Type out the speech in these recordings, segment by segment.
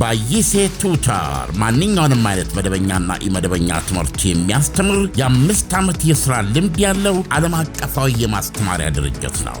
ባይሴ ቱታር ማንኛውንም አይነት መደበኛና ኢመደበኛ ትምህርት የሚያስተምር የአምስት ዓመት የሥራ ልምድ ያለው ዓለም አቀፋዊ የማስተማሪያ ድርጅት ነው።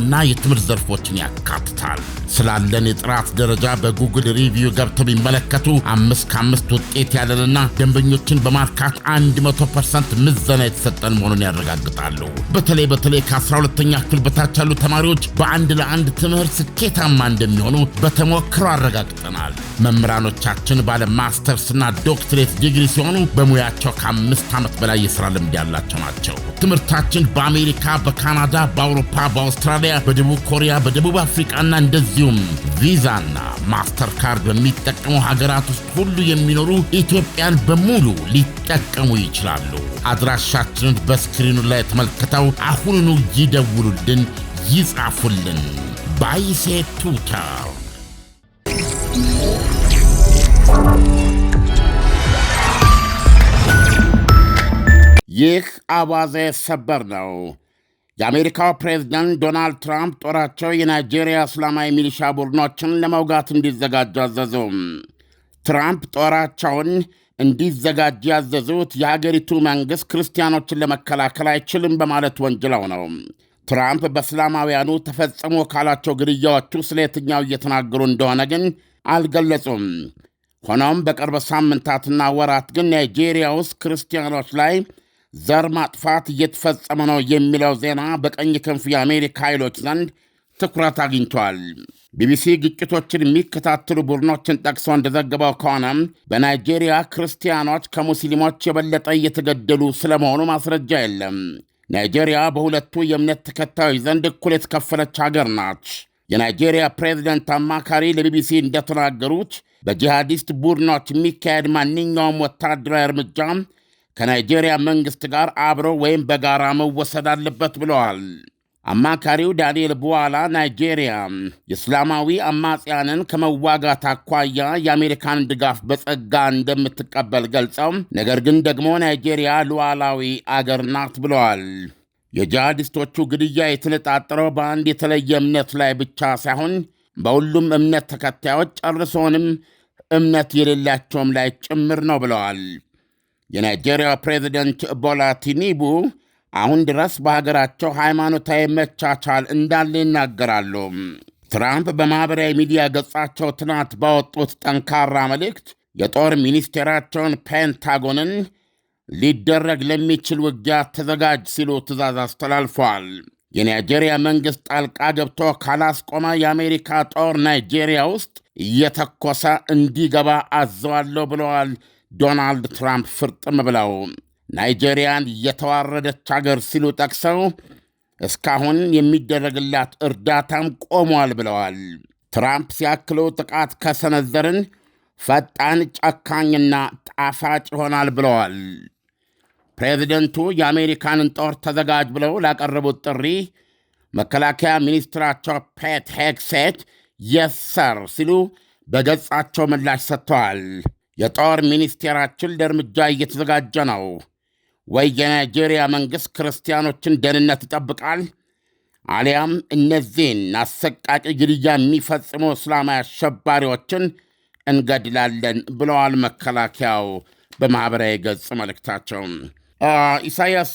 ዋና የትምህርት ዘርፎችን ያካትታል። ስላለን የጥራት ደረጃ በጉግል ሪቪው ገብተው ቢመለከቱ አምስት ከአምስት ውጤት ያለንና ደንበኞችን በማርካት 100 ፐርሰንት ምዘና የተሰጠን መሆኑን ያረጋግጣሉ። በተለይ በተለይ ከ12ተኛ ክፍል በታች ያሉ ተማሪዎች በአንድ ለአንድ ትምህርት ስኬታማ እንደሚሆኑ በተሞክሮ አረጋግጠናል። መምህራኖቻችን ባለ ማስተርስና ዶክትሬት ዲግሪ ሲሆኑ በሙያቸው ከአምስት ዓመት በላይ የሥራ ልምድ ያላቸው ናቸው። ትምህርታችን በአሜሪካ፣ በካናዳ፣ በአውሮፓ፣ በአውስትራሊያ ኮሪያ፣ በደቡብ ኮሪያ፣ በደቡብ አፍሪቃና እንደዚሁም ቪዛና ማስተር ካርድ በሚጠቀሙ ሀገራት ውስጥ ሁሉ የሚኖሩ ኢትዮጵያን በሙሉ ሊጠቀሙ ይችላሉ። አድራሻችንን በስክሪኑ ላይ ተመልክተው አሁኑኑ ይደውሉልን፣ ይጻፉልን። ባይሴ ቱታር ይህ አዋዜ ሰበር ነው። የአሜሪካው ፕሬዝደንት ዶናልድ ትራምፕ ጦራቸው የናይጄሪያ እስላማዊ ሚሊሻ ቡድኖችን ለመውጋት እንዲዘጋጁ አዘዙ። ትራምፕ ጦራቸውን እንዲዘጋጅ ያዘዙት የሀገሪቱ መንግሥት ክርስቲያኖችን ለመከላከል አይችልም በማለት ወንጅለው ነው። ትራምፕ በእስላማውያኑ ተፈጽሞ ካላቸው ግድያዎቹ ስለ የትኛው እየተናገሩ እንደሆነ ግን አልገለጹም። ሆኖም በቅርብ ሳምንታትና ወራት ግን ናይጄሪያ ውስጥ ክርስቲያኖች ላይ ዘር ማጥፋት እየተፈጸመ ነው የሚለው ዜና በቀኝ ክንፍ የአሜሪካ ኃይሎች ዘንድ ትኩረት አግኝቷል። ቢቢሲ ግጭቶችን የሚከታተሉ ቡድኖችን ጠቅሶ እንደዘገበው ከሆነ በናይጄሪያ ክርስቲያኖች ከሙስሊሞች የበለጠ እየተገደሉ ስለመሆኑ ማስረጃ የለም። ናይጄሪያ በሁለቱ የእምነት ተከታዮች ዘንድ እኩል የተከፈለች ሀገር ናች። የናይጄሪያ ፕሬዚደንት አማካሪ ለቢቢሲ እንደተናገሩት በጂሃዲስት ቡድኖች የሚካሄድ ማንኛውም ወታደራዊ እርምጃ ከናይጄሪያ መንግሥት ጋር አብሮ ወይም በጋራ መወሰድ አለበት ብለዋል። አማካሪው ዳንኤል በኋላ ናይጄሪያ የእስላማዊ አማጽያንን ከመዋጋት አኳያ የአሜሪካን ድጋፍ በጸጋ እንደምትቀበል ገልጸው ነገር ግን ደግሞ ናይጄሪያ ሉዓላዊ አገር ናት ብለዋል። የጂሃዲስቶቹ ግድያ የተነጣጠረው በአንድ የተለየ እምነት ላይ ብቻ ሳይሆን በሁሉም እምነት ተከታዮች ጨርሶንም እምነት የሌላቸውም ላይ ጭምር ነው ብለዋል። የናይጄሪያ ፕሬዚደንት ቦላ ቲኒቡ አሁን ድረስ በሀገራቸው ሃይማኖታዊ መቻቻል እንዳለ ይናገራሉ። ትራምፕ በማኅበራዊ ሚዲያ ገጻቸው ትናንት ባወጡት ጠንካራ መልእክት የጦር ሚኒስቴራቸውን ፔንታጎንን ሊደረግ ለሚችል ውጊያ ተዘጋጅ ሲሉ ትዕዛዝ አስተላልፈዋል። የናይጄሪያ መንግሥት ጣልቃ ገብቶ ካላስቆመ የአሜሪካ ጦር ናይጄሪያ ውስጥ እየተኮሰ እንዲገባ አዘዋለሁ ብለዋል ዶናልድ ትራምፕ ፍርጥም ብለው ናይጄሪያን የተዋረደች አገር ሲሉ ጠቅሰው እስካሁን የሚደረግላት እርዳታም ቆሟል ብለዋል። ትራምፕ ሲያክሉ ጥቃት ከሰነዘርን ፈጣን ጨካኝና ጣፋጭ ይሆናል ብለዋል። ፕሬዚደንቱ የአሜሪካንን ጦር ተዘጋጅ ብለው ላቀረቡት ጥሪ መከላከያ ሚኒስትራቸው ፔት ሄግሴት የሰር ሲሉ በገጻቸው ምላሽ ሰጥተዋል። የጦር ሚኒስቴራችን ለእርምጃ እየተዘጋጀ ነው። ወይ የናይጄሪያ መንግሥት ክርስቲያኖችን ደህንነት ይጠብቃል፣ አሊያም እነዚህን አሰቃቂ ግድያ የሚፈጽሙ እስላማዊ አሸባሪዎችን እንገድላለን ብለዋል መከላከያው በማኅበራዊ ገጽ መልእክታቸው። ኢሳያስ፣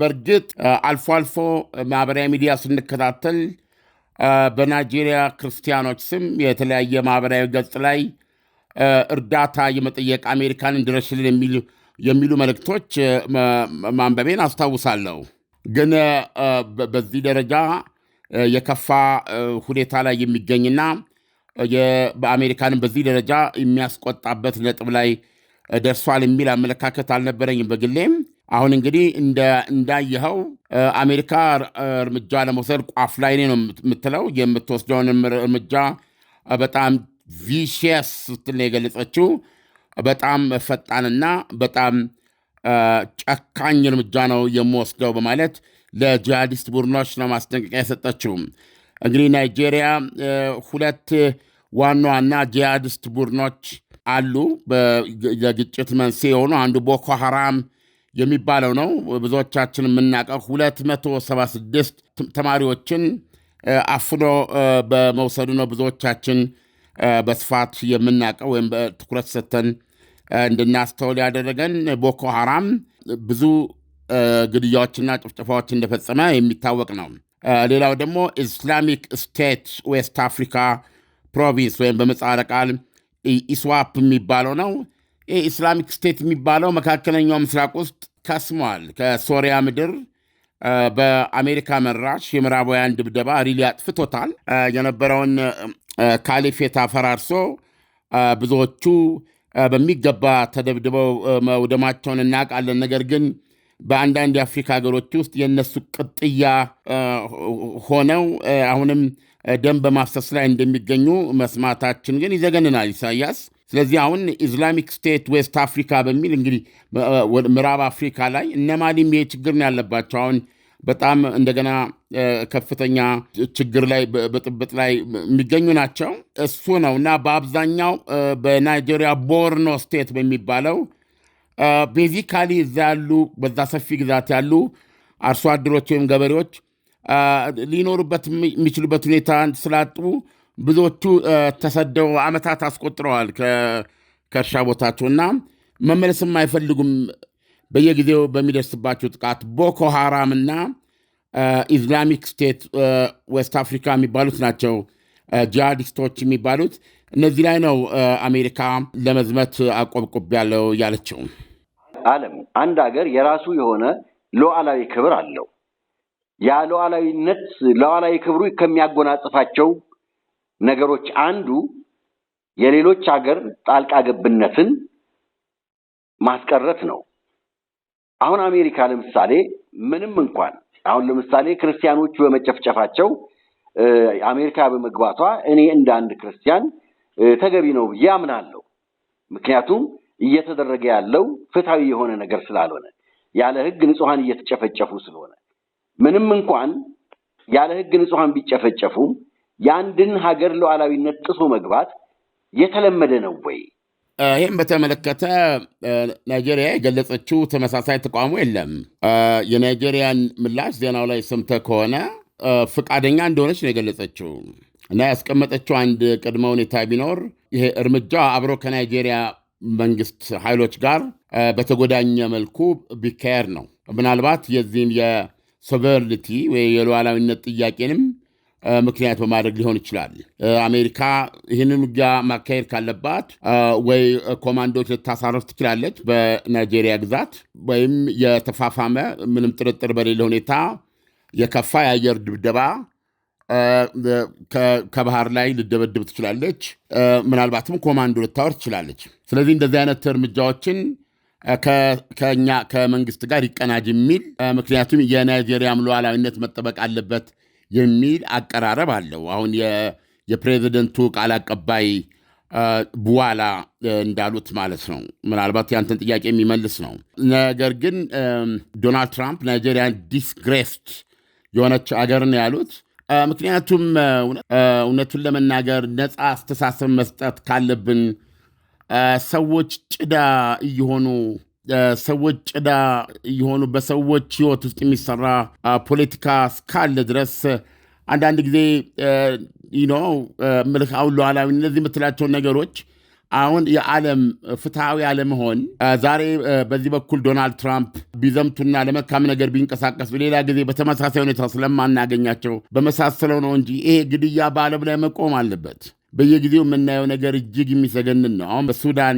በእርግጥ አልፎ አልፎ ማኅበራዊ ሚዲያ ስንከታተል በናይጄሪያ ክርስቲያኖች ስም የተለያየ ማኅበራዊ ገጽ ላይ እርዳታ የመጠየቅ አሜሪካን እንድረሽልን የሚሉ መልእክቶች ማንበቤን አስታውሳለሁ። ግን በዚህ ደረጃ የከፋ ሁኔታ ላይ የሚገኝና በአሜሪካንም በዚህ ደረጃ የሚያስቆጣበት ነጥብ ላይ ደርሷል የሚል አመለካከት አልነበረኝም በግሌም። አሁን እንግዲህ እንዳየኸው አሜሪካ እርምጃ ለመውሰድ ቋፍ ላይ ነው የምትለው። የምትወስደውን እርምጃ በጣም ቪሽስ ስትል የገለጸችው በጣም ፈጣንና በጣም ጨካኝ እርምጃ ነው የምወስደው በማለት ለጂሃዲስት ቡድኖች ነው ማስጠንቀቂያ የሰጠችው። እንግዲህ ናይጄሪያ ሁለት ዋና ዋና ጂሃዲስት ቡድኖች አሉ ለግጭት መንስኤ የሆኑ አንዱ ቦኮ ሐራም የሚባለው ነው። ብዙዎቻችን የምናውቀው 276 ተማሪዎችን አፍኖ በመውሰዱ ነው ብዙዎቻችን በስፋት የምናውቀው ወይም በትኩረት ሰተን እንድናስተውል ያደረገን ቦኮ ሐራም ብዙ ግድያዎችና ጭፍጨፋዎች እንደፈጸመ የሚታወቅ ነው። ሌላው ደግሞ ኢስላሚክ ስቴት ዌስት አፍሪካ ፕሮቪንስ ወይም በምህጻረ ቃል ኢስዋፕ የሚባለው ነው። ኢስላሚክ ስቴት የሚባለው መካከለኛው ምስራቅ ውስጥ ከስሟል። ከሶሪያ ምድር በአሜሪካ መራሽ የምዕራባውያን ድብደባ ሪሊ አጥፍቶታል። የነበረውን ካሊፌት አፈራርሶ ብዙዎቹ በሚገባ ተደብድበው መውደማቸውን እናውቃለን። ነገር ግን በአንዳንድ የአፍሪካ ሀገሮች ውስጥ የእነሱ ቅጥያ ሆነው አሁንም ደም በማፍሰስ ላይ እንደሚገኙ መስማታችን ግን ይዘገንናል ኢሳያስ። ስለዚህ አሁን ኢስላሚክ ስቴት ዌስት አፍሪካ በሚል እንግዲህ ምዕራብ አፍሪካ ላይ እነማሊም ይሄ ችግር ነው ያለባቸው አሁን በጣም እንደገና ከፍተኛ ችግር ላይ ብጥብጥ ላይ የሚገኙ ናቸው። እሱ ነው እና በአብዛኛው በናይጄሪያ ቦርኖ ስቴት በሚባለው ቤዚካሊ እዛ ያሉ በዛ ሰፊ ግዛት ያሉ አርሶ አደሮች ወይም ገበሬዎች ሊኖሩበት የሚችሉበት ሁኔታ ስላጡ ብዙዎቹ ተሰደው ዓመታት አስቆጥረዋል ከእርሻ ቦታቸው እና መመለስ የማይፈልጉም በየጊዜው በሚደርስባቸው ጥቃት ቦኮ ሃራም እና ኢስላሚክ ስቴት ዌስት አፍሪካ የሚባሉት ናቸው ጂሃዲስቶች የሚባሉት እነዚህ ላይ ነው አሜሪካ ለመዝመት አቆብቁብ ያለው ያለችው። ዓለም አንድ ሀገር የራሱ የሆነ ሉዓላዊ ክብር አለው። ያ ሉዓላዊነት ሉዓላዊ ክብሩ ከሚያጎናጽፋቸው ነገሮች አንዱ የሌሎች ሀገር ጣልቃ ገብነትን ማስቀረት ነው። አሁን አሜሪካ ለምሳሌ ምንም እንኳን አሁን ለምሳሌ ክርስቲያኖቹ በመጨፍጨፋቸው አሜሪካ በመግባቷ እኔ እንደ አንድ ክርስቲያን ተገቢ ነው ብዬ አምናለሁ። ምክንያቱም እየተደረገ ያለው ፍትሐዊ የሆነ ነገር ስላልሆነ ያለ ሕግ ንጹሐን እየተጨፈጨፉ ስለሆነ ምንም እንኳን ያለ ሕግ ንጹሐን ቢጨፈጨፉም የአንድን ሀገር ሉዓላዊነት ጥሶ መግባት የተለመደ ነው ወይ? ይህም በተመለከተ ናይጄሪያ የገለጸችው ተመሳሳይ ተቃውሞ የለም። የናይጄሪያን ምላሽ ዜናው ላይ ሰምተህ ከሆነ ፈቃደኛ እንደሆነች ነው የገለጸችው እና ያስቀመጠችው አንድ ቅድመ ሁኔታ ቢኖር ይሄ እርምጃ አብሮ ከናይጄሪያ መንግስት ኃይሎች ጋር በተጎዳኘ መልኩ ቢካሄድ ነው። ምናልባት የዚህን የሶቨርኒቲ ወይ የሉዓላዊነት ጥያቄንም ምክንያት በማድረግ ሊሆን ይችላል። አሜሪካ ይህንን ውጊያ ማካሄድ ካለባት ወይ ኮማንዶች ልታሳረፍ ትችላለች በናይጄሪያ ግዛት ወይም የተፋፋመ ምንም ጥርጥር በሌለ ሁኔታ የከፋ የአየር ድብደባ ከባህር ላይ ልደበድብ ትችላለች። ምናልባትም ኮማንዶ ልታወር ትችላለች። ስለዚህ እንደዚህ አይነት እርምጃዎችን ከኛ ከመንግስት ጋር ይቀናጅ የሚል ምክንያቱም የናይጄሪያም ሉዓላዊነት መጠበቅ አለበት የሚል አቀራረብ አለው። አሁን የፕሬዚደንቱ ቃል አቀባይ በኋላ እንዳሉት ማለት ነው። ምናልባት ያንተን ጥያቄ የሚመልስ ነው። ነገር ግን ዶናልድ ትራምፕ ናይጄሪያን ዲስግሬስድ የሆነች አገር ነው ያሉት። ምክንያቱም እውነቱን ለመናገር ነፃ አስተሳሰብ መስጠት ካለብን ሰዎች ጭዳ እየሆኑ ሰዎች ጭዳ የሆኑ በሰዎች ህይወት ውስጥ የሚሰራ ፖለቲካ እስካለ ድረስ አንዳንድ ጊዜ ምልክ አሁን ሉዓላዊ እነዚህ የምትላቸውን ነገሮች አሁን የዓለም ፍትሐዊ አለመሆን ዛሬ በዚህ በኩል ዶናልድ ትራምፕ ቢዘምቱና ለመልካም ነገር ቢንቀሳቀሱ ሌላ ጊዜ በተመሳሳይ ሁኔታ ስለማናገኛቸው በመሳሰለው ነው እንጂ ይሄ ግድያ በዓለም ላይ መቆም አለበት። በየጊዜው የምናየው ነገር እጅግ የሚዘገንን ነው። አሁን በሱዳን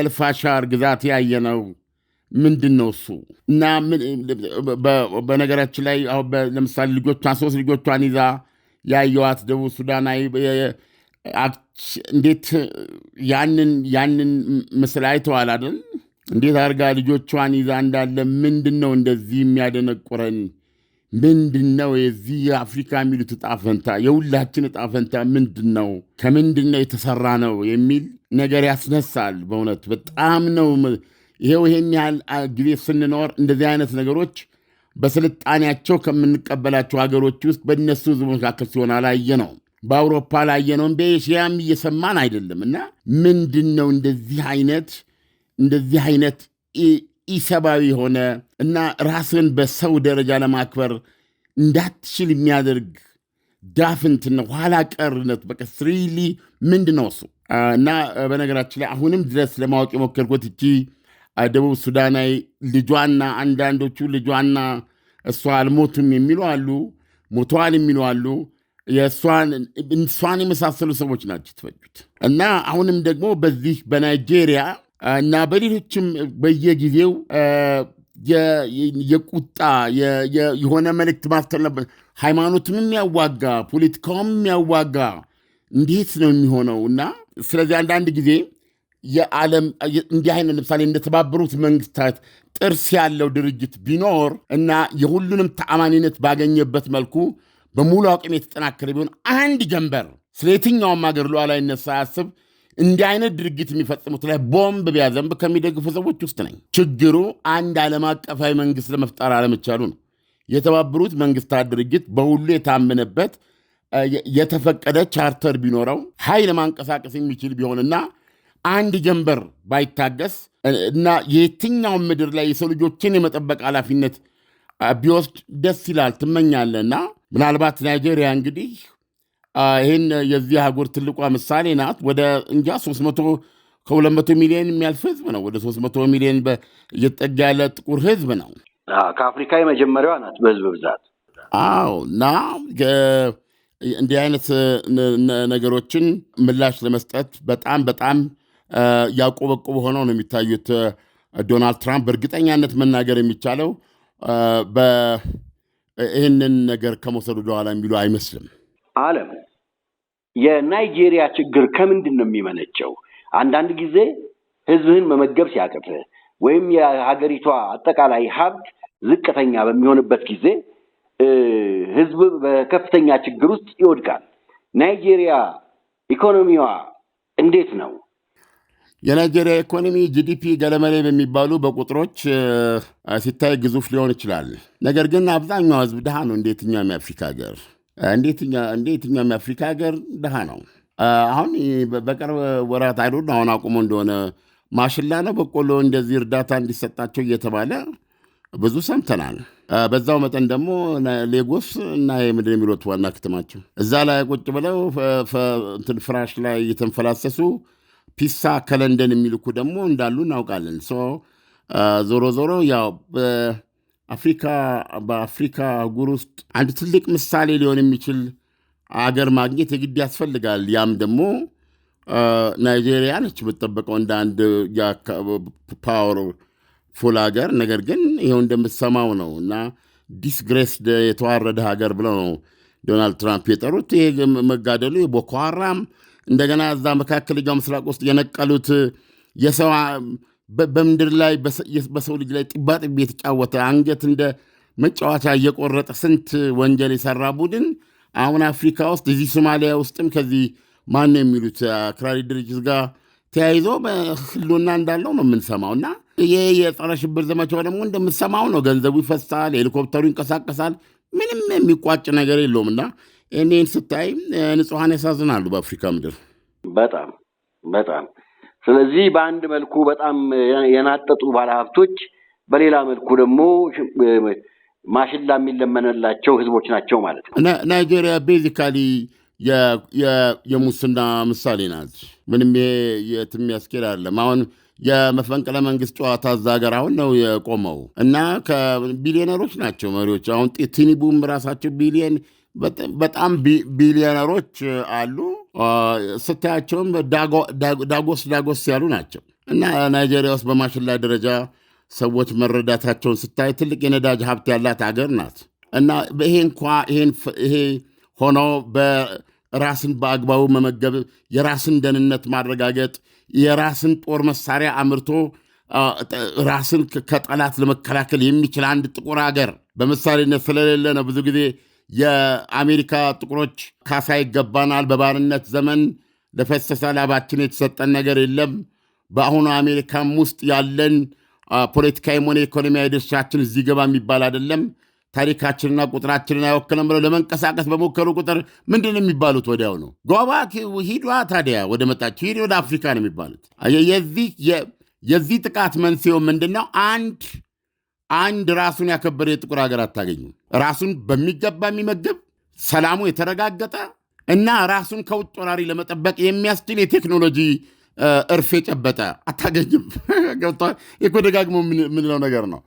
ኤልፋሻር ግዛት ያየ ነው። ምንድን ነው እሱ እና በነገራችን ላይ ለምሳሌ ልጆቿን ሶስት ልጆቿን ይዛ ያየዋት ደቡብ ሱዳናዊ እንዴት ያንን ያንን ምስል አይተዋል አይደል? እንዴት አድርጋ ልጆቿን ይዛ እንዳለ ምንድን ነው እንደዚህ የሚያደነቁረን? ምንድን ነው የዚህ የአፍሪካ የሚሉት እጣ ፈንታ፣ የሁላችን እጣ ፈንታ ምንድን ነው? ከምንድን ነው የተሰራ ነው የሚል ነገር ያስነሳል። በእውነት በጣም ነው። ይሄው ይሄን ያህል ጊዜ ስንኖር እንደዚህ አይነት ነገሮች በስልጣኔያቸው ከምንቀበላቸው ሀገሮች ውስጥ በእነሱ ህዝቦች መካከል ሲሆን አላየ ነው። በአውሮፓ ላየ ነው። በኤሽያም እየሰማን አይደለም። እና ምንድን ነው እንደዚህ አይነት እንደዚህ አይነት ኢሰብአዊ የሆነ እና ራስን በሰው ደረጃ ለማክበር እንዳትችል የሚያደርግ ዳፍንትና ኋላ ቀርነት በቀስሪሊ ምንድን ነው እሱ? እና በነገራችን ላይ አሁንም ድረስ ለማወቅ የሞከርኩት እቺ ደቡብ ሱዳናዊ ልጇና አንዳንዶቹ ልጇና እሷ አልሞቱም የሚሉ አሉ፣ ሞተዋል የሚሉ አሉ። እሷን የመሳሰሉ ሰዎች ናቸው የተፈጁት። እና አሁንም ደግሞ በዚህ በናይጄሪያ እና በሌሎችም በየጊዜው የቁጣ የሆነ መልእክት ማስተላለፍ ሃይማኖትም የሚያዋጋ ፖለቲካውም የሚያዋጋ እንዴት ነው የሚሆነው እና ስለዚህ አንዳንድ ጊዜ የዓለም እንዲህ አይነት ለምሳሌ እንደተባበሩት መንግስታት ጥርስ ያለው ድርጅት ቢኖር እና የሁሉንም ተአማኒነት ባገኘበት መልኩ በሙሉ አቅም የተጠናከረ ቢሆን አንድ ጀንበር ስለ የትኛውም ሀገር ሉዓላዊነት ሳያስብ እንዲህ አይነት ድርጊት የሚፈጽሙት ላይ ቦምብ ቢያዘንብ ከሚደግፉ ሰዎች ውስጥ ነኝ። ችግሩ አንድ ዓለም አቀፋዊ መንግስት ለመፍጠር አለመቻሉ ነው። የተባበሩት መንግስታት ድርጅት በሁሉ የታመነበት የተፈቀደ ቻርተር ቢኖረው ኃይል ማንቀሳቀስ የሚችል ቢሆንና አንድ ጀንበር ባይታገስ እና የትኛውን ምድር ላይ የሰው ልጆችን የመጠበቅ ኃላፊነት ቢወስድ ደስ ይላል ትመኛለና ምናልባት ናይጄሪያ እንግዲህ ይህን የዚህ አህጉር ትልቋ ምሳሌ ናት። ወደ እንጃ 300 ከ200 ሚሊዮን የሚያልፍ ህዝብ ነው። ወደ 300 ሚሊዮን እየተጠጋ ያለ ጥቁር ህዝብ ነው። ከአፍሪካ የመጀመሪያዋ ናት በህዝብ ብዛት። አዎ እና እንዲህ አይነት ነገሮችን ምላሽ ለመስጠት በጣም በጣም ያቆበቆበ ሆነው ነው የሚታዩት ዶናልድ ትራምፕ። በእርግጠኛነት መናገር የሚቻለው ይህንን ነገር ከመውሰዱ በኋላ የሚሉ አይመስልም። አለም የናይጄሪያ ችግር ከምንድን ነው የሚመነጨው? አንዳንድ ጊዜ ህዝብህን መመገብ ሲያቅትህ ወይም የሀገሪቷ አጠቃላይ ሀብት ዝቅተኛ በሚሆንበት ጊዜ ህዝብ በከፍተኛ ችግር ውስጥ ይወድቃል። ናይጄሪያ ኢኮኖሚዋ እንዴት ነው? የናይጄሪያ ኢኮኖሚ ጂዲፒ ገለመሌ በሚባሉ በቁጥሮች ሲታይ ግዙፍ ሊሆን ይችላል። ነገር ግን አብዛኛው ህዝብ ድሃ ነው። እንደየትኛውም የአፍሪካ ሀገር እንደየትኛውም የአፍሪካ ሀገር ድሃ ነው። አሁን በቅርብ ወራት አይዶን አሁን አቁሞ እንደሆነ ማሽላ ነው በቆሎ እንደዚህ እርዳታ እንዲሰጣቸው እየተባለ ብዙ ሰምተናል። በዛው መጠን ደግሞ ሌጎስ እና የምድር የሚሉት ዋና ከተማቸው እዛ ላይ ቁጭ ብለው ፍራሽ ላይ እየተንፈላሰሱ ፒሳ ከለንደን የሚልኩ ደግሞ እንዳሉ እናውቃለን። ዞሮ ዞሮ ያው በአፍሪካ በአፍሪካ አህጉር ውስጥ አንድ ትልቅ ምሳሌ ሊሆን የሚችል አገር ማግኘት የግድ ያስፈልጋል። ያም ደግሞ ናይጄሪያ ነች የምትጠበቀው እንደ አንድ ፓወር ፉል ሀገር ነገር ግን ይኸው እንደምትሰማው ነው እና ዲስግሬስድ የተዋረደ ሀገር ብለው ነው ዶናልድ ትራምፕ የጠሩት። ይሄ መጋደሉ የቦኮ ሀራም እንደገና እዛ መካከለኛው ምስራቅ ውስጥ የነቀሉት የሰው በምድር ላይ በሰው ልጅ ላይ ጥባጥቤ የተጫወተ አንገት እንደ መጫወቻ እየቆረጠ ስንት ወንጀል የሰራ ቡድን አሁን አፍሪካ ውስጥ እዚህ ሶማሊያ ውስጥም ከዚህ ማን የሚሉት አክራሪ ድርጅት ጋር ተያይዞ ህልውና እንዳለው ነው የምንሰማው እና ይሄ የጸረ ሽብር ዘመቻው ደግሞ እንደምትሰማው ነው። ገንዘቡ ይፈሳል፣ ሄሊኮፕተሩ ይንቀሳቀሳል። ምንም የሚቋጭ ነገር የለውም እና እኔን ስታይ ንጹሐን ያሳዝናሉ በአፍሪካ ምድር በጣም በጣም። ስለዚህ በአንድ መልኩ በጣም የናጠጡ ባለሀብቶች፣ በሌላ መልኩ ደግሞ ማሽላ የሚለመንላቸው ህዝቦች ናቸው ማለት ነው። ናይጄሪያ ቤዚካሊ የሙስና ምሳሌ ናት። ምንም ይሄ አለም አሁን የመፈንቅለ መንግስት ጨዋታ እዛ ሀገር አሁን ነው የቆመው እና ከቢሊዮነሮች ናቸው መሪዎች። አሁን ቲኒቡም ራሳቸው ቢሊየን በጣም ቢሊዮነሮች አሉ። ስታያቸውም ዳጎስ ዳጎስ ያሉ ናቸው እና ናይጄሪያ ውስጥ በማሽላ ደረጃ ሰዎች መረዳታቸውን ስታይ ትልቅ የነዳጅ ሀብት ያላት ሀገር ናት እና ይሄ እንኳ ይሄ ሆኖ ራስን በአግባቡ መመገብ፣ የራስን ደህንነት ማረጋገጥ የራስን ጦር መሳሪያ አምርቶ ራስን ከጠላት ለመከላከል የሚችል አንድ ጥቁር ሀገር በምሳሌነት ስለሌለ ነው ብዙ ጊዜ የአሜሪካ ጥቁሮች ካሳ ይገባናል፣ በባርነት ዘመን ለፈሰሰ ላባችን የተሰጠን ነገር የለም፣ በአሁኑ አሜሪካም ውስጥ ያለን ፖለቲካዊም ሆነ ኢኮኖሚያዊ ድርሻችን እዚህ ገባ የሚባል አይደለም ታሪካችንና ቁጥራችንን አይወክልም ብለው ለመንቀሳቀስ በሞከሩ ቁጥር ምንድን ነው የሚባሉት? ወዲያው ነው ጓባ ሂዷ ታዲያ ወደ መጣች ሂድ ወደ አፍሪካ ነው የሚባሉት። የዚህ ጥቃት መንስኤው ምንድን ነው? አንድ አንድ ራሱን ያከበረ የጥቁር ሀገር አታገኝም ራሱን በሚገባ የሚመግብ ሰላሙ የተረጋገጠ እና ራሱን ከውጭ ወራሪ ለመጠበቅ የሚያስችል የቴክኖሎጂ እርፍ የጨበጠ አታገኝም። ገብቷል። ደጋግሞ የምንለው ነገር ነው።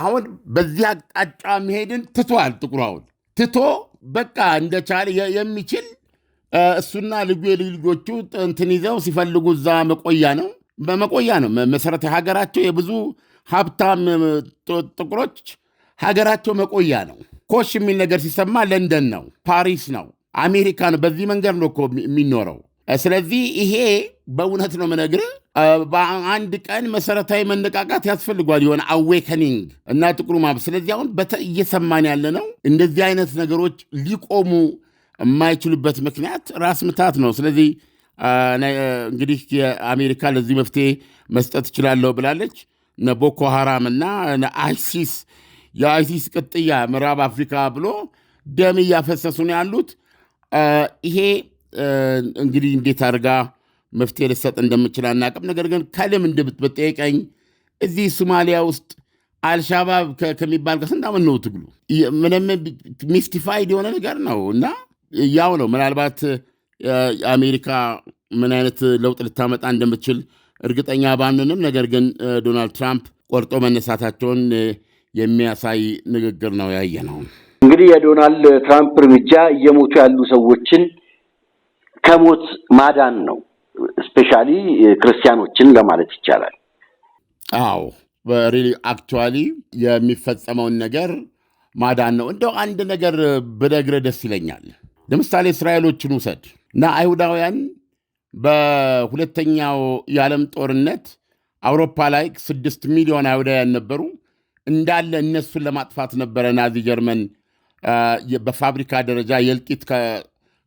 አሁን በዚህ አቅጣጫ መሄድን ትቷል። ጥቁሩ አሁን ትቶ በቃ እንደቻለ የሚችል እሱና ልዩ ልጆቹ እንትን ይዘው ሲፈልጉ እዛ መቆያ ነው በመቆያ ነው መሰረተ ሀገራቸው የብዙ ሀብታም ጥቁሮች ሀገራቸው መቆያ ነው። ኮሽ የሚል ነገር ሲሰማ ለንደን ነው፣ ፓሪስ ነው፣ አሜሪካ ነው። በዚህ መንገድ ነው እኮ የሚኖረው ስለዚህ ይሄ በእውነት ነው ምነግር በአንድ ቀን መሰረታዊ መነቃቃት ያስፈልጓል፣ የሆነ አዌከኒንግ እና ጥቁሩ ማብ ስለዚህ አሁን እየሰማን ያለ ነው እንደዚህ አይነት ነገሮች ሊቆሙ የማይችሉበት ምክንያት ራስ ምታት ነው። ስለዚህ እንግዲህ የአሜሪካ ለዚህ መፍትሄ መስጠት እችላለሁ ብላለች። ቦኮ ሃራም እና አይሲስ የአይሲስ ቅጥያ ምዕራብ አፍሪካ ብሎ ደም እያፈሰሱ ነው ያሉት ይሄ እንግዲህ እንዴት አድርጋ መፍትሄ ልሰጥ እንደምችል አናቅም። ነገር ግን እንድብት በጠየቀኝ እዚህ ሶማሊያ ውስጥ አልሻባብ ከሚባል ጋር ስንት ነው ትግሉ? ምንም ሚስቲፋይድ የሆነ ነገር ነው እና ያው ነው። ምናልባት አሜሪካ ምን አይነት ለውጥ ልታመጣ እንደምትችል እርግጠኛ ባንንም፣ ነገር ግን ዶናልድ ትራምፕ ቆርጦ መነሳታቸውን የሚያሳይ ንግግር ነው ያየ ነው። እንግዲህ የዶናልድ ትራምፕ እርምጃ እየሞቱ ያሉ ሰዎችን ከሞት ማዳን ነው። ስፔሻሊ ክርስቲያኖችን ለማለት ይቻላል። አዎ ሪሊ አክቹዋሊ የሚፈጸመውን ነገር ማዳን ነው። እንደው አንድ ነገር ብነግርህ ደስ ይለኛል። ለምሳሌ እስራኤሎችን ውሰድ እና አይሁዳውያን በሁለተኛው የዓለም ጦርነት አውሮፓ ላይ ስድስት ሚሊዮን አይሁዳውያን ነበሩ። እንዳለ እነሱን ለማጥፋት ነበረ ናዚ ጀርመን በፋብሪካ ደረጃ የእልቂት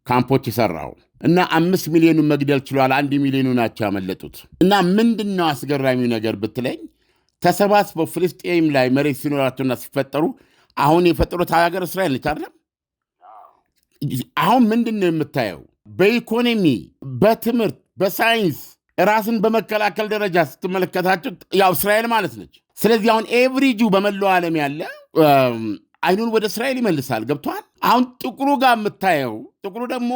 ካምፖች የሰራው እና አምስት ሚሊዮኑን መግደል ችሏል። አንድ ሚሊዮኑ ናቸው ያመለጡት። እና ምንድን ነው አስገራሚው ነገር ብትለኝ ተሰባስበው ፍልስጤም ላይ መሬት ሲኖራቸውና ሲፈጠሩ አሁን የፈጠሩት ሀገር እስራኤል ነች አይደለም። አሁን ምንድን ነው የምታየው? በኢኮኖሚ በትምህርት በሳይንስ ራስን በመከላከል ደረጃ ስትመለከታቸው ያው እስራኤል ማለት ነች። ስለዚህ አሁን ኤቭሪጁ በመላው ዓለም ያለ አይኑን ወደ እስራኤል ይመልሳል። ገብቷል። አሁን ጥቁሩ ጋር የምታየው ጥቁሩ ደግሞ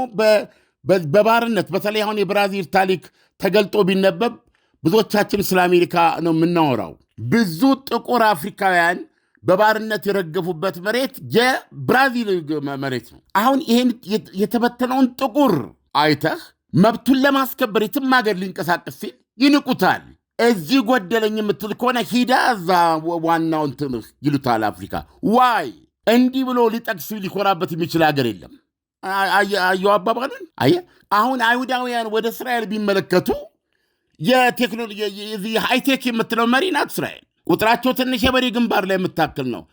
በባርነት በተለይ አሁን የብራዚል ታሪክ ተገልጦ ቢነበብ ብዙዎቻችን ስለ አሜሪካ ነው የምናወራው። ብዙ ጥቁር አፍሪካውያን በባርነት የረገፉበት መሬት የብራዚል መሬት ነው። አሁን ይሄን የተበተነውን ጥቁር አይተህ መብቱን ለማስከበር የትም ሀገር ሊንቀሳቀስ ሲል ይንቁታል። እዚህ ጎደለኝ የምትል ከሆነ ሂዳ እዛ ዋናውን ትምህ ይሉታል። አፍሪካ ዋይ እንዲህ ብሎ ሊጠቅስ ሊኮራበት የሚችል ሀገር የለም። አየው አባባልን አየ። አሁን አይሁዳውያን ወደ እስራኤል ቢመለከቱ የቴክኖሎጂ ሃይቴክ የምትለው መሪ ናት እስራኤል። ቁጥራቸው ትንሽ የበሬ ግንባር ላይ የምታክል ነው።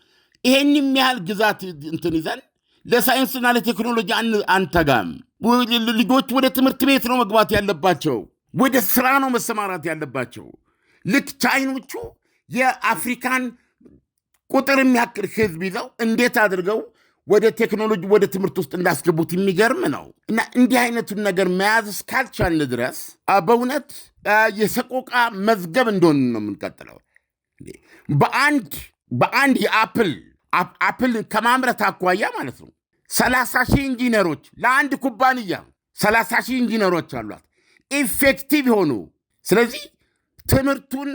ይሄን ያህል ግዛት እንትን ይዘን ለሳይንስና ለቴክኖሎጂ አንተጋም። ልጆች ወደ ትምህርት ቤት ነው መግባት ያለባቸው። ወደ ስራ ነው መሰማራት ያለባቸው። ልክ ቻይኖቹ የአፍሪካን ቁጥር የሚያክል ህዝብ ይዘው እንዴት አድርገው ወደ ቴክኖሎጂ ወደ ትምህርት ውስጥ እንዳስገቡት የሚገርም ነው። እና እንዲህ አይነቱን ነገር መያዝ እስካልቻልን ድረስ በእውነት የሰቆቃ መዝገብ እንደሆን ነው የምንቀጥለው። በአንድ የአፕል አፕል ከማምረት አኳያ ማለት ነው ሰላሳ ሺህ ኢንጂነሮች ለአንድ ኩባንያ ሰላሳ ሺህ ኢንጂነሮች አሏት። ኢፌክቲቭ የሆኑ ስለዚህ ትምህርቱን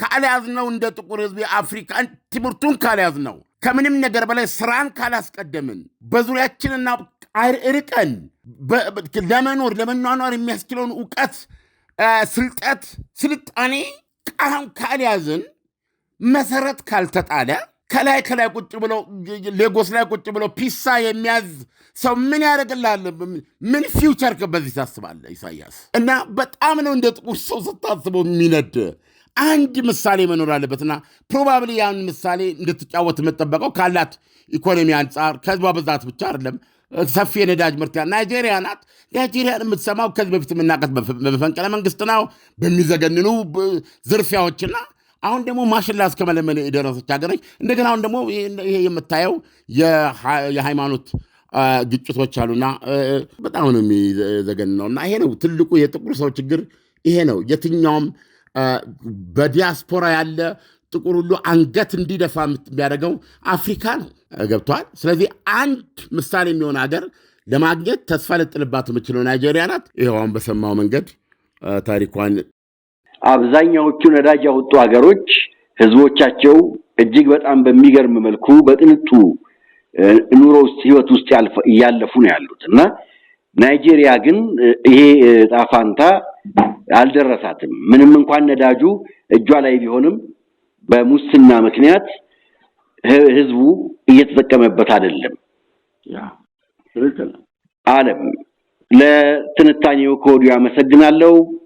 ካልያዝነው እንደ ጥቁር ህዝብ የአፍሪካን ትምህርቱን ካልያዝነው ከምንም ነገር በላይ ስራን ካላስቀደምን በዙሪያችንና ርቀን ለመኖር ለመኗኗር የሚያስችለውን እውቀት፣ ስልጠት፣ ስልጣኔ ቃም ካልያዝን መሰረት ካልተጣለ ከላይ ከላይ ቁጭ ብሎ ሌጎስ ላይ ቁጭ ብሎ ፒሳ የሚያዝ ሰው ምን ያደርግልሃል? ምን ፊውቸር በዚህ ታስባለ? ኢሳያስ እና በጣም ነው እንደ ጥቁር ሰው ስታስበው የሚነድ አንድ ምሳሌ መኖር አለበትና ፕሮባብሊ ያን ምሳሌ እንድትጫወት የምጠበቀው ካላት ኢኮኖሚ አንጻር ከህዝቧ ብዛት ብቻ አይደለም። ሰፊ የነዳጅ ምርት ያ ናይጄሪያ ናት። ናይጄሪያን የምትሰማው ከዚህ በፊት የምናቀት በመፈንቅለ መንግስት ነው በሚዘገንኑ ዝርፊያዎችና አሁን ደግሞ ማሽላ እስከ መለመል የደረሰች ሀገረች እንደገና አሁን ደግሞ ይሄ የምታየው የሃይማኖት ግጭቶች አሉና በጣም ነው የሚዘገን ነው። እና ይሄ ነው ትልቁ የጥቁር ሰው ችግር ይሄ ነው። የትኛውም በዲያስፖራ ያለ ጥቁር ሁሉ አንገት እንዲደፋ የሚያደርገው አፍሪካ ነው። ገብተዋል። ስለዚህ አንድ ምሳሌ የሚሆን ሀገር ለማግኘት ተስፋ ልጥልባት የምችለው ናይጄሪያ ናት። በሰማው መንገድ ታሪኳን አብዛኛዎቹ ነዳጅ ያወጡ ሀገሮች ህዝቦቻቸው እጅግ በጣም በሚገርም መልኩ በጥንቱ ኑሮ ውስጥ ህይወት ውስጥ እያለፉ ነው ያሉት እና ናይጄሪያ ግን ይሄ ጣፋንታ አልደረሳትም። ምንም እንኳን ነዳጁ እጇ ላይ ቢሆንም በሙስና ምክንያት ህዝቡ እየተጠቀመበት አይደለም። አለም ለትንታኔው ከወዲሁ አመሰግናለሁ።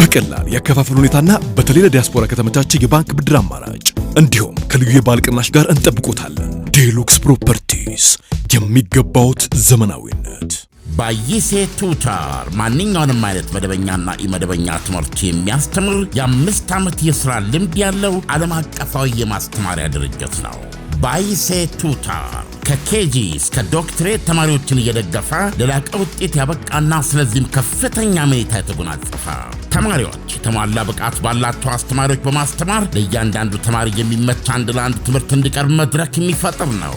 በቀላል ያከፋፈል ሁኔታና በተለይ ለዲያስፖራ ከተመቻቸ የባንክ ብድር አማራጭ እንዲሁም ከልዩ የባል ቅናሽ ጋር እንጠብቆታለን። ዴሉክስ ፕሮፐርቲስ የሚገባውት ዘመናዊነት ባይሴ ቱታር ማንኛውንም አይነት መደበኛና ኢመደበኛ ትምህርት የሚያስተምር የአምስት ዓመት የሥራ ልምድ ያለው ዓለም አቀፋዊ የማስተማሪያ ድርጅት ነው። ባይሴ ቱታር ከኬጂ እስከ ዶክትሬት ተማሪዎችን እየደገፈ ለላቀ ውጤት ያበቃና ስለዚህም ከፍተኛ መኔታ የተጎናጸፈ ተማሪዎች የተሟላ ብቃት ባላቸው አስተማሪዎች በማስተማር ለእያንዳንዱ ተማሪ የሚመቻ አንድ ለአንድ ትምህርት እንዲቀርብ መድረክ የሚፈጥር ነው።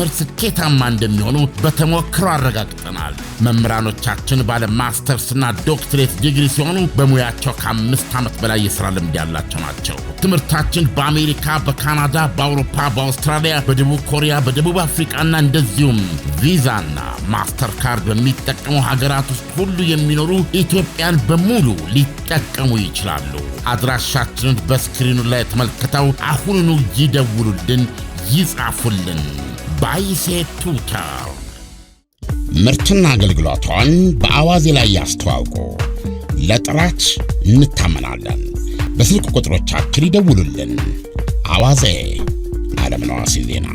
በትምህርት ስኬታማ እንደሚሆኑ በተሞክሮ አረጋግጠናል። መምህራኖቻችን ባለ ማስተርስና ዶክትሬት ዲግሪ ሲሆኑ በሙያቸው ከአምስት ዓመት በላይ የሥራ ልምድ ያላቸው ናቸው። ትምህርታችን በአሜሪካ፣ በካናዳ፣ በአውሮፓ፣ በአውስትራሊያ፣ በደቡብ ኮሪያ፣ በደቡብ አፍሪቃና እንደዚሁም ቪዛና ማስተር ካርድ በሚጠቀሙ ሀገራት ውስጥ ሁሉ የሚኖሩ ኢትዮጵያን በሙሉ ሊጠቀሙ ይችላሉ። አድራሻችንን በስክሪኑ ላይ ተመልክተው አሁኑኑ ይደውሉልን፣ ይጻፉልን። ባይሴ ቱታር ምርትና አገልግሎቷን በአዋዜ ላይ ያስተዋውቁ። ለጥራች እንታመናለን። በስልክ ቁጥሮቻችን ይደውሉልን። አዋዜ አለምነህ ዋሴ ዜና